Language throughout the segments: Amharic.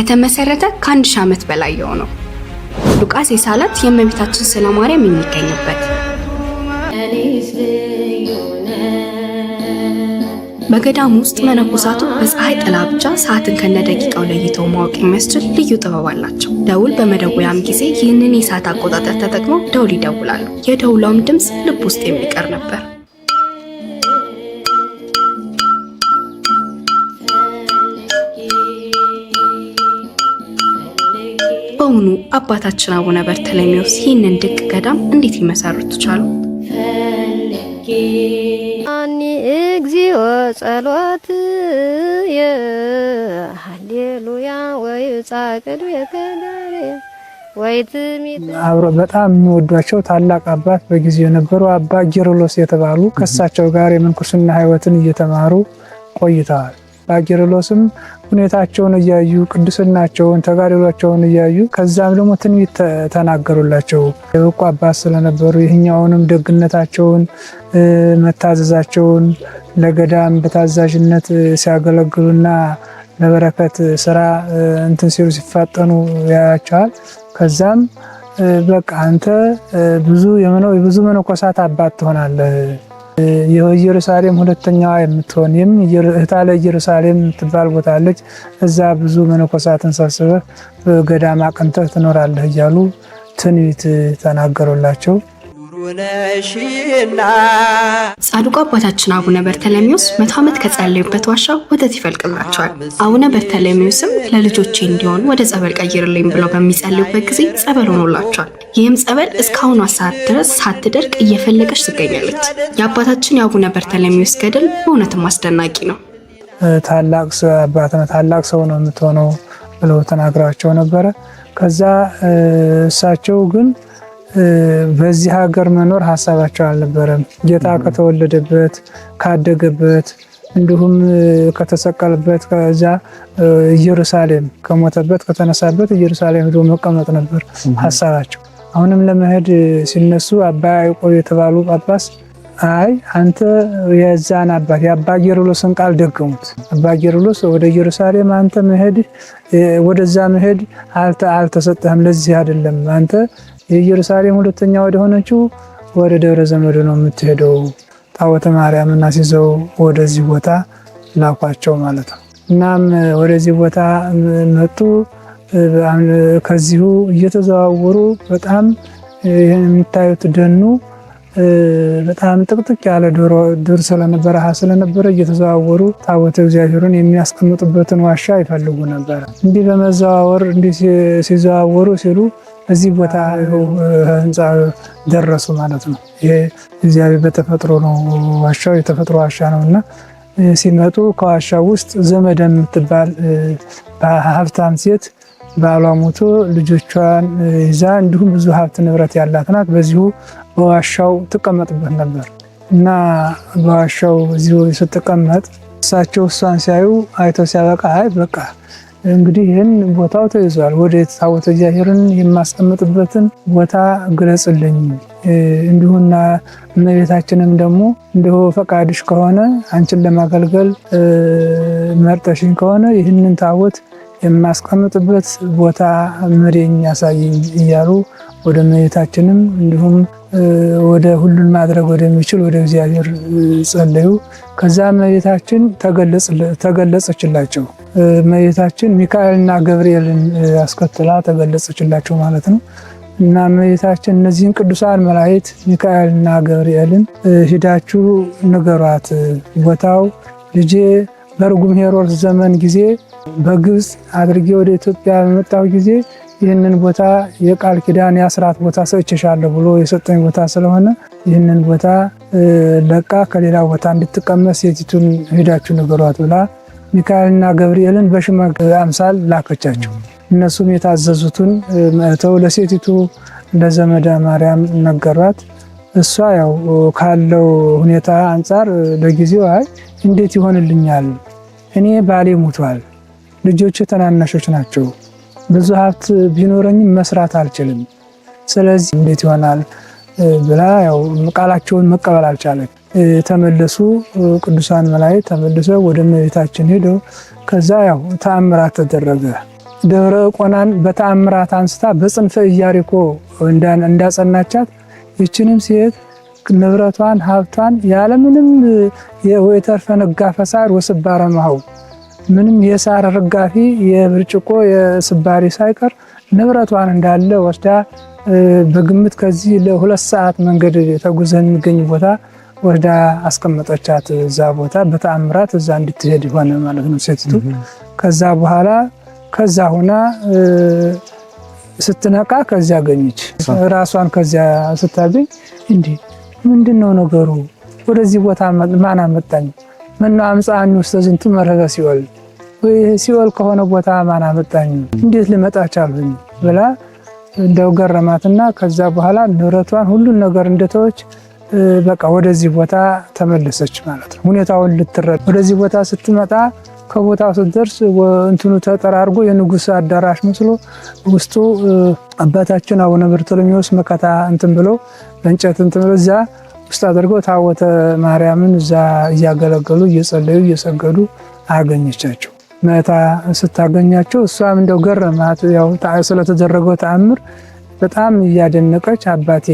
የተመሰረተ ከአንድ ሺህ ዓመት በላይ የሆነው ሉቃስ የሳላት የእመቤታችን ስለ ማርያም የሚገኝበት በገዳም ውስጥ መነኮሳቱ በፀሐይ ጥላ ብቻ ሰዓትን ከነደቂቃው ለይተው ማወቅ የሚያስችል ልዩ ጥበብ አላቸው። ደውል በመደወያም ጊዜ ይህንን የሰዓት አቆጣጠር ተጠቅመው ደውል ይደውላሉ። የደውሏም ድምፅ ልብ ውስጥ የሚቀር ነበር። አባታችን አቡነ በርተሌሜዎስ ይህንን ድንቅ ገዳም እንዴት ሊመሰርቱ ቻሉ? አኒ እግዚኦ ጸሎት ሃሌሉያ ወይ ጻቅዱ የከዳሪ አብሮ በጣም የሚወዷቸው ታላቅ አባት በጊዜው የነበሩ አባ ጊርሎስ የተባሉ ከሳቸው ጋር የምንኩስና ሕይወትን እየተማሩ ቆይተዋል። አባ ጊርሎስም ሁኔታቸውን እያዩ ቅዱስናቸውን ተጋድሏቸውን እያዩ ከዛም ደግሞ ትንቢት ተናገሩላቸው። የበቁ አባት ስለነበሩ ይህኛውንም ደግነታቸውን መታዘዛቸውን ለገዳም በታዛዥነት ሲያገለግሉና ለበረከት ስራ እንትን ሲሉ ሲፋጠኑ ያያቸዋል። ከዛም በቃ አንተ ብዙ ብዙ መነኮሳት አባት ትሆናለህ የኢየሩሳሌም ሁለተኛዋ የምትሆን እህታለ ኢየሩሳሌም የምትባል ቦታ አለች። እዛ ብዙ መነኮሳትን ሰብስበህ በገዳማ አቅንተህ ትኖራለህ እያሉ ትንቢት ተናገሩላቸው። ጻድቁ አባታችን አቡነ በርተለሚዎስ መቶ ዓመት ከጸለዩበት ዋሻ ወተት ይፈልቅላቸዋል። አቡነ በርተለሚዎስም ለልጆቼ እንዲሆን ወደ ጸበል ቀይርልኝ ብለው በሚጸልዩበት ጊዜ ጸበል ሆኖላቸዋል። ይህም ጸበል እስካሁኗ ሰዓት ድረስ ሳትደርቅ እየፈለቀች ትገኛለች። የአባታችን የአቡነ በርተለሚዎስ ገድል በእውነትም አስደናቂ ነው። ታላቅ አባት ነው፣ ታላቅ ሰው ነው የምትሆነው ብለው ተናግራቸው ነበረ። ከዛ እሳቸው ግን በዚህ ሀገር መኖር ሀሳባቸው አልነበረም። ጌታ ከተወለደበት ካደገበት እንዲሁም ከተሰቀለበት ከዛ ኢየሩሳሌም ከሞተበት ከተነሳበት ኢየሩሳሌም ሄዶ መቀመጥ ነበር ሀሳባቸው። አሁንም ለመሄድ ሲነሱ አባ ያዕቆብ የተባሉ ጳጳስ አይ አንተ የዛን አባት የአባ ጌርሎስን ቃል ደገሙት። አባ ጌርሎስ ወደ ኢየሩሳሌም አንተ መሄድ ወደዛ መሄድ አልተሰጠህም፣ ለዚህ አይደለም። አንተ የኢየሩሳሌም ሁለተኛ ወደ ሆነችው ወደ ደብረ ዘመድ ነው የምትሄደው። ጣዖተ ማርያም እናስይዘው ወደዚህ ቦታ ላኳቸው ማለት ነው። እናም ወደዚህ ቦታ መጡ። ከዚሁ እየተዘዋወሩ በጣም ይህን የምታዩት ደኑ በጣም ጥቅጥቅ ያለ ዶሮ ድር ስለነበረ ሀ ስለነበረ እየተዘዋወሩ ታቦተ እግዚአብሔሩን የሚያስቀምጡበትን ዋሻ ይፈልጉ ነበረ። እንዲህ በመዘዋወር እንዲህ ሲዘዋወሩ ሲሉ እዚህ ቦታ ህንፃ ደረሱ ማለት ነው። ይሄ እግዚአብሔር በተፈጥሮ ነው፣ ዋሻው የተፈጥሮ ዋሻ ነው እና ሲመጡ ከዋሻው ውስጥ ዘመድ የምትባል ሀብታም ሴት ባሏ ሞቶ ልጆቿን ይዛ እንዲሁም ብዙ ሀብት ንብረት ያላት ናት። በዚሁ በዋሻው ትቀመጥበት ነበር እና በዋሻው እዚሁ ስትቀመጥ እሳቸው እሷን ሲያዩ አይተው ሲያበቃ አይ በቃ እንግዲህ ይህን ቦታው ተይዟል፣ ወደ የተታወተ እግዚአብሔርን የማስቀምጥበትን ቦታ ግለጽልኝ፣ እንዲሁና እመቤታችንም ደግሞ እንዲሁ ፈቃድሽ ከሆነ አንቺን ለማገልገል መርጠሽኝ ከሆነ ይህንን ታቦት የማስቀምጥበት ቦታ ምሬኝ ያሳየኝ እያሉ ወደ እመቤታችንም እንዲሁም ወደ ሁሉን ማድረግ ወደሚችል ወደ እግዚአብሔር ጸለዩ። ከዛ መቤታችን ተገለጸችላቸው። እመቤታችን ሚካኤልና ገብርኤልን አስከትላ ተገለጸችላቸው ማለት ነው። እና እመቤታችን እነዚህን ቅዱሳን መላእክት ሚካኤልና ገብርኤልን ሂዳችሁ ንገሯት ቦታው ልጄ በርጉም ሄሮድስ ዘመን ጊዜ በግብፅ አድርጌ ወደ ኢትዮጵያ በመጣሁ ጊዜ ይህንን ቦታ የቃል ኪዳን የአስራት ቦታ ሰጥቼሻለሁ ብሎ የሰጠኝ ቦታ ስለሆነ ይህንን ቦታ ለቃ ከሌላ ቦታ እንድትቀመስ ሴቲቱን ሄዳችሁ ንገሯት ብላ ሚካኤልና ገብርኤልን በሽመ አምሳል ላከቻቸው። እነሱም የታዘዙትን መእተው ለሴቲቱ ለዘመዳ ማርያም ነገሯት። እሷ ያው ካለው ሁኔታ አንጻር ለጊዜው አይ እንዴት ይሆንልኛል እኔ ባሌ ሙቷል ልጆች ተናናሾች ናቸው። ብዙ ሀብት ቢኖረኝም መስራት አልችልም። ስለዚህ እንዴት ይሆናል ብላ ያው ቃላቸውን መቀበል አልቻለች። የተመለሱ ቅዱሳን መላእክት ተመልሶ ወደ እመቤታችን ሄደው ከዛ ያው ተአምራት ተደረገ። ደብረ ቆናን በተአምራት አንስታ በጽንፈ ኢያሪኮ እንዳጸናቻት ይችንም ሴት ንብረቷን ሀብቷን ያለምንም የተርፈ ነጋ ፈሳድ ወስባረ መሃው ምንም የሳር ርጋፊ የብርጭቆ የስባሪ ሳይቀር ንብረቷን እንዳለ ወስዳ በግምት ከዚህ ለሁለት ሰዓት መንገድ ተጉዘን የሚገኝ ቦታ ወስዳ አስቀመጠቻት። እዛ ቦታ በተአምራት እዛ እንድትሄድ ሆነ ማለት ነው ሴቲቱ። ከዛ በኋላ ከዛ ሁና ስትነቃ ከዚያ አገኘች ራሷን። ከዚያ ስታገኝ እንዲህ ምንድን ነው ነገሩ? ወደዚህ ቦታ ማን አመጣኝ? መና አምፃኒ ውስተ ዝንቱ መረረ ሲኦል ወይ ከሆነ ቦታ ማን አመጣኝ? እንዴት ልመጣ ቻልሁኝ? ብላ እንደው ገረማትና ከዛ በኋላ ንብረቷን ሁሉን ነገር እንደተወች በቃ ወደዚህ ቦታ ተመለሰች ማለት ነው። ሁኔታውን ልትረዳ ወደዚህ ቦታ ስትመጣ ከቦታው ስትደርስ እንትኑ ተጠራርጎ የንጉሥ አዳራሽ መስሎ ውስጡ አባታችን አቡነ በርቶሎሜዎስ መከታ እንትን ብለው በእንጨት እንትን ብለው እዚያ ውስጥ አድርገው ታቦተ ማርያምን እዛ እያገለገሉ እየጸለዩ እየሰገዱ አገኘቻቸው። መታ ስታገኛቸው እሷም እንደው ገረማት ስለተደረገው ተአምር በጣም እያደነቀች አባቴ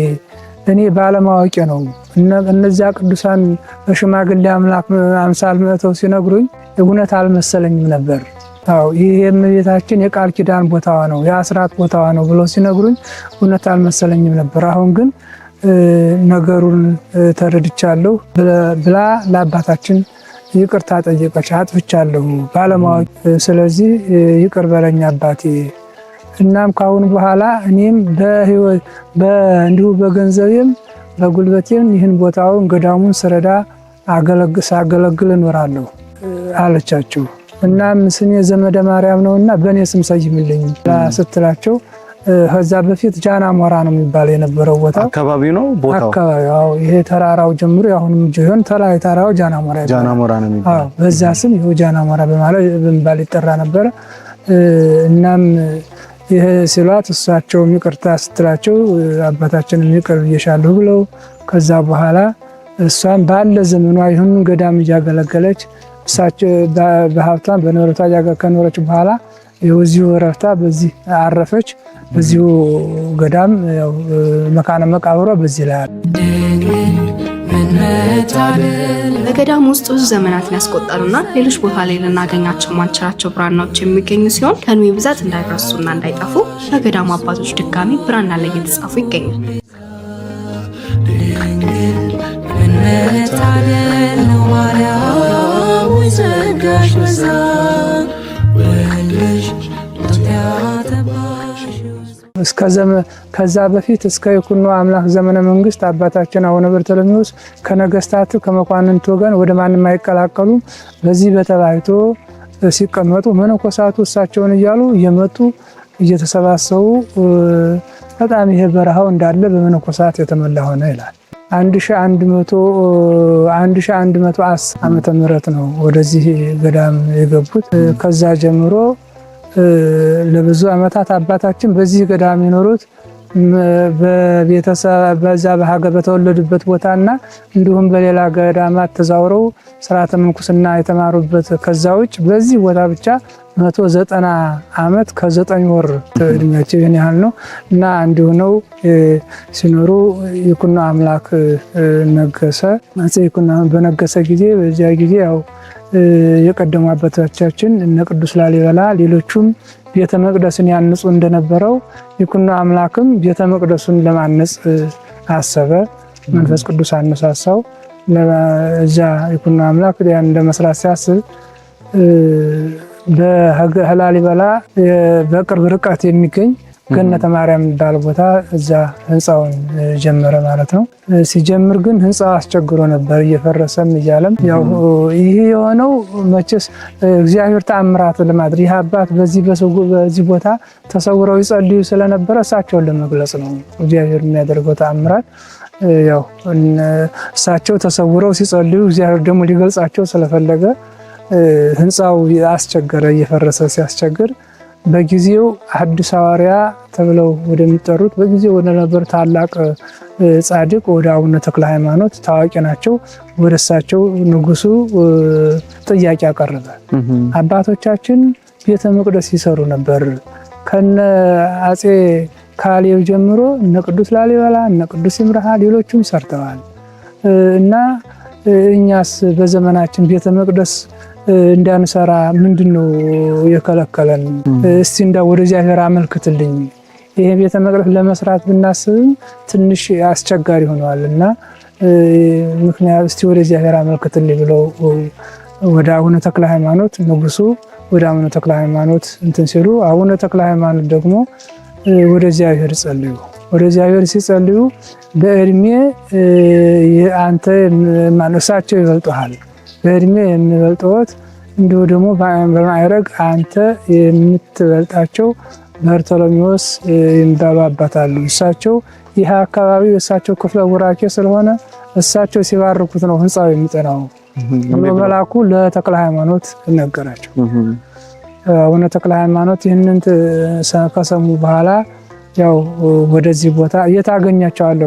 እኔ ባለማወቂ ነው እነዚያ ቅዱሳን በሽማግሌ አምላክ አምሳል መተው ሲነግሩኝ እውነት አልመሰለኝም ነበር። አዎ ይህ የእመቤታችን የቃል ኪዳን ቦታዋ ነው፣ የአስራት ቦታዋ ነው ብሎ ሲነግሩኝ እውነት አልመሰለኝም ነበር። አሁን ግን ነገሩን ተረድቻለሁ ብላ ለአባታችን ይቅርታ ጠየቀች። አጥፍቻለሁ ባለማወቅ፣ ስለዚህ ይቅር በለኝ አባቴ። እናም ካሁን በኋላ እኔም እንዲሁ በገንዘቤም በጉልበቴም ይህን ቦታውን ገዳሙን ስረዳ ሳገለግል እኖራለሁ አለቻቸው። እናም ስሜ ዘመደ ማርያም ነውና በእኔ ስም ሰይምልኝ ስትላቸው ከዛ በፊት ጃና ሞራ ነው የሚባል የነበረው ቦታ አካባቢ ነው ቦታው አካባቢ። አዎ ይሄ ተራራው ጀምሮ አሁንም ጆን ተላይ ተራራው ጃና ሞራ ይባላል። ጃና ሞራ ነው የሚባል። አዎ በዛ ስም ይሄ ጃና ሞራ በማለት በሚባል ይጠራ ነበር እናም ይሄ ሲሏት እሳቸውም ይቅርታ ስትላቸው አባታችን ይቅር ብዬሻለሁ ብለው ከዛ በኋላ እሷን ባለ ዘመኗ ይሁን ገዳም እያገለገለች እሳቸው በሀብቷን በንብረቷ ከኖረች በኋላ የዚሁ እረፍታ በዚህ አረፈች። በዚሁ ገዳም መካነ መቃብሯ በዚህ ላይ አለ። በገዳም ውስጥ ብዙ ዘመናትን ያስቆጠሩና ሌሎች ቦታ ላይ ልናገኛቸው ማንችላቸው ብራናዎች የሚገኙ ሲሆን ከዕድሜ ብዛት እንዳይረሱና እንዳይጠፉ በገዳሙ አባቶች ድጋሚ ብራና ላይ እየተጻፉ ይገኛል። ድንግል ከዛ በፊት እስከ ይኩኖ አምላክ ዘመነ መንግስት አባታችን አቡነ በርተሎሜዎስ ከነገስታት ከመኳንንት ወገን ወደ ማንም አይቀላቀሉም፣ በዚህ በተባይቶ ሲቀመጡ መነኮሳቱ እሳቸውን እያሉ እየመጡ እየተሰባሰቡ በጣም ይሄ በረሃው እንዳለ በመነኮሳት የተሞላ ሆነ ይላል። 1110 ዓመተ ምህረት ነው ወደዚህ ገዳም የገቡት። ከዛ ጀምሮ ለብዙ ዓመታት አባታችን በዚህ ገዳም የኖሩት በቤተሰብ በዛ በሀገር በተወለዱበት ቦታና እንዲሁም በሌላ ገዳማት ተዛውረው ስርዓተ ምንኩስና የተማሩበት ከዛ ውጭ በዚህ ቦታ ብቻ መቶ ዘጠና ዓመት ከዘጠኝ ወር እድሜያቸው ይህን ያህል ነው እና እንዲሁ ነው ሲኖሩ ይኩኖ አምላክ ነገሰ። አፄ ይኩኖ በነገሰ ጊዜ በዚያ ጊዜ ያው የቀደሙ አባቶቻችን እነ ቅዱስ ላሊበላ ሌሎቹም ቤተ መቅደስን ያንጹ እንደነበረው ይኩኖ አምላክም ቤተ መቅደሱን ለማነጽ አሰበ። መንፈስ ቅዱስ አነሳሳው። እዛ ይኩኖ አምላክ ያን ለመስራት ሲያስብ በላሊበላ በቅርብ ርቀት የሚገኝ ገነተ ማርያም የሚባል ቦታ እዛ ህንፃውን ጀመረ ማለት ነው። ሲጀምር ግን ህንፃ አስቸግሮ ነበር እየፈረሰም እያለም ያው ይህ የሆነው መቼስ እግዚአብሔር ተአምራት ለማድረግ ይህ አባት በዚህ በዚህ ቦታ ተሰውረው ይጸልዩ ስለነበረ እሳቸውን ለመግለጽ ነው እግዚአብሔር የሚያደርገው ተአምራት ያው እሳቸው ተሰውረው ሲጸልዩ እግዚአብሔር ደግሞ ሊገልጻቸው ስለፈለገ ህንፃው አስቸገረ እየፈረሰ ሲያስቸግር በጊዜው ሐዲስ ሐዋርያ ተብለው ወደሚጠሩት በጊዜው ወደነበር ታላቅ ጻድቅ ወደ አቡነ ተክለ ሃይማኖት ታዋቂ ናቸው። ወደ እሳቸው ንጉሱ ጥያቄ አቀረበ። አባቶቻችን ቤተ መቅደስ ይሰሩ ነበር ከነ አጼ ካሌብ ጀምሮ እነ ቅዱስ ላሊበላ እነ ቅዱስ ይምርሃ ሌሎቹም ሰርተዋል እና እኛስ በዘመናችን ቤተ መቅደስ እንዳንሰራ ምንድን ነው የከለከለን? እስቲ እንዳ ወደ እግዚአብሔር አመልክትልኝ። ይሄ ቤተ መቅደስ ለመስራት ብናስብም ትንሽ አስቸጋሪ ሆነዋል እና ምክንያት እስቲ ወደ እግዚአብሔር አመልክትልኝ ብለው ወደ አቡነ ተክለ ሃይማኖት ንጉሱ ወደ አቡነ ተክለ ሃይማኖት እንትን ሲሉ አቡነ ተክለ ሃይማኖት ደግሞ ወደ እግዚአብሔር ጸልዩ። ወደ እግዚአብሔር ሲጸልዩ በእድሜ አንተ ማነሳቸው ይበልጠሃል በእድሜ የምበልጠዎት እንዲሁ ደግሞ በማዕረግ አንተ የምትበልጣቸው በርቶሎሚዎስ የሚባሉ አባት አሉ። እሳቸው ይህ አካባቢ እሳቸው ክፍለ ቡራኬ ስለሆነ እሳቸው ሲባርኩት ነው ህንፃው የሚጠናው መላኩ ለተክለ ሃይማኖት ነገራቸው። አቡነ ተክለ ሃይማኖት ይህንን ከሰሙ በኋላ ያው ወደዚህ ቦታ የት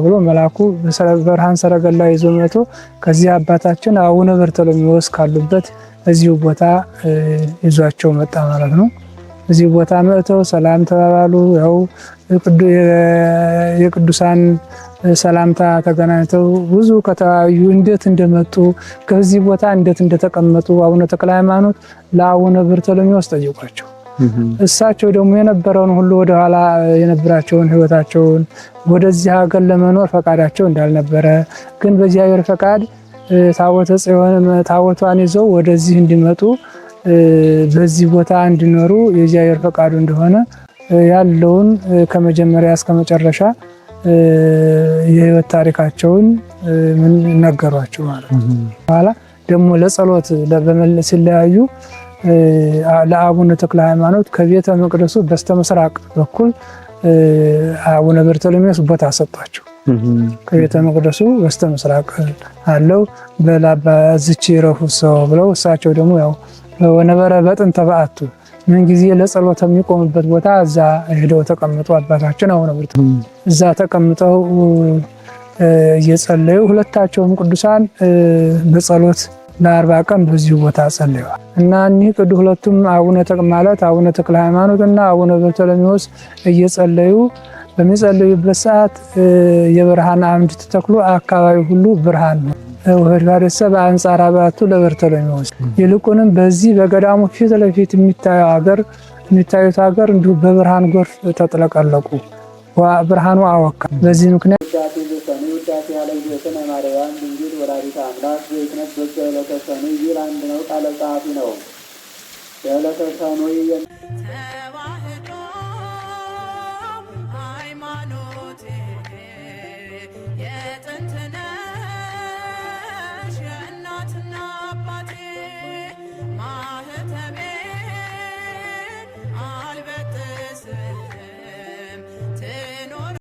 ብሎ መልአኩ በብርሃን ሰረገላ ይዞ መጥቶ ከዚህ አባታችን አቡነ በርተሎሜዎስ ካሉበት እዚሁ ቦታ ይዟቸው መጣ ማለት ነው። እዚህ ቦታ መጥተው ሰላም ተባባሉ። ያው የቅዱሳን ሰላምታ ተገናኝተው ብዙ ከተለያዩ እንዴት እንደመጡ ከዚህ ቦታ እንዴት እንደተቀመጡ አቡነ ተክለ ሃይማኖት ለአቡነ በርተሎሜዎስ ጠየቋቸው። Mm-hmm. እሳቸው ደግሞ የነበረውን ሁሉ ወደኋላ የነበራቸውን ህይወታቸውን ወደዚህ ሀገር ለመኖር ፈቃዳቸው እንዳልነበረ ግን በእግዚአብሔር ፈቃድ ታቦተ ጽዮን ታቦቷን ይዘው ወደዚህ እንዲመጡ በዚህ ቦታ እንዲኖሩ የእግዚአብሔር ፈቃዱ እንደሆነ ያለውን ከመጀመሪያ እስከ መጨረሻ የህይወት ታሪካቸውን ምን ነገሯቸው ማለት ነው። mm-hmm. በኋላ ደግሞ ለጸሎት ሲለያዩ ለአቡነ ተክለ ሃይማኖት ከቤተ መቅደሱ በስተምስራቅ በኩል አቡነ በርተሎሜዎስ ቦታ ሰጧቸው። ከቤተ መቅደሱ በስተምስራቅ አለው በላባ ረፉ ሰው ብለው እሳቸው ደግሞ ያው ወነበረ በጥን ተባአቱ ምን ጊዜ ለጸሎት የሚቆምበት ቦታ እዛ ሄደው ተቀምጦ አባታችን አቡነ ብርቱ እዛ ተቀምጠው እየጸለዩ ሁለታቸውም ቅዱሳን በጸሎት ለአርባ ቀን በዚሁ ቦታ ጸልየዋል እና እኒህ ቅዱ ሁለቱም አቡነ ተቅ ማለት አቡነ ተክለ ሃይማኖት እና አቡነ በርተሎሜዎስ እየጸለዩ በሚጸልዩበት ሰዓት የብርሃን አምድ ተተክሎ አካባቢ ሁሉ ብርሃን ነው። ወህድባደሰ በአንጻር አባቱ ለበርተሎሜዎስ ይልቁንም በዚህ በገዳሙ ፊት ለፊት የሚታየው ሀገር የሚታዩት ሀገር እንዲሁ በብርሃን ጎርፍ ተጥለቀለቁ፣ ብርሃኑ አወካ። በዚህ ምክንያት አምላክ የክነት በዘ ዕለተ ሰኑይ ይል አንድ ነው። ቃለ ጸሐፊ ነው። የዕለተ ሰኑይ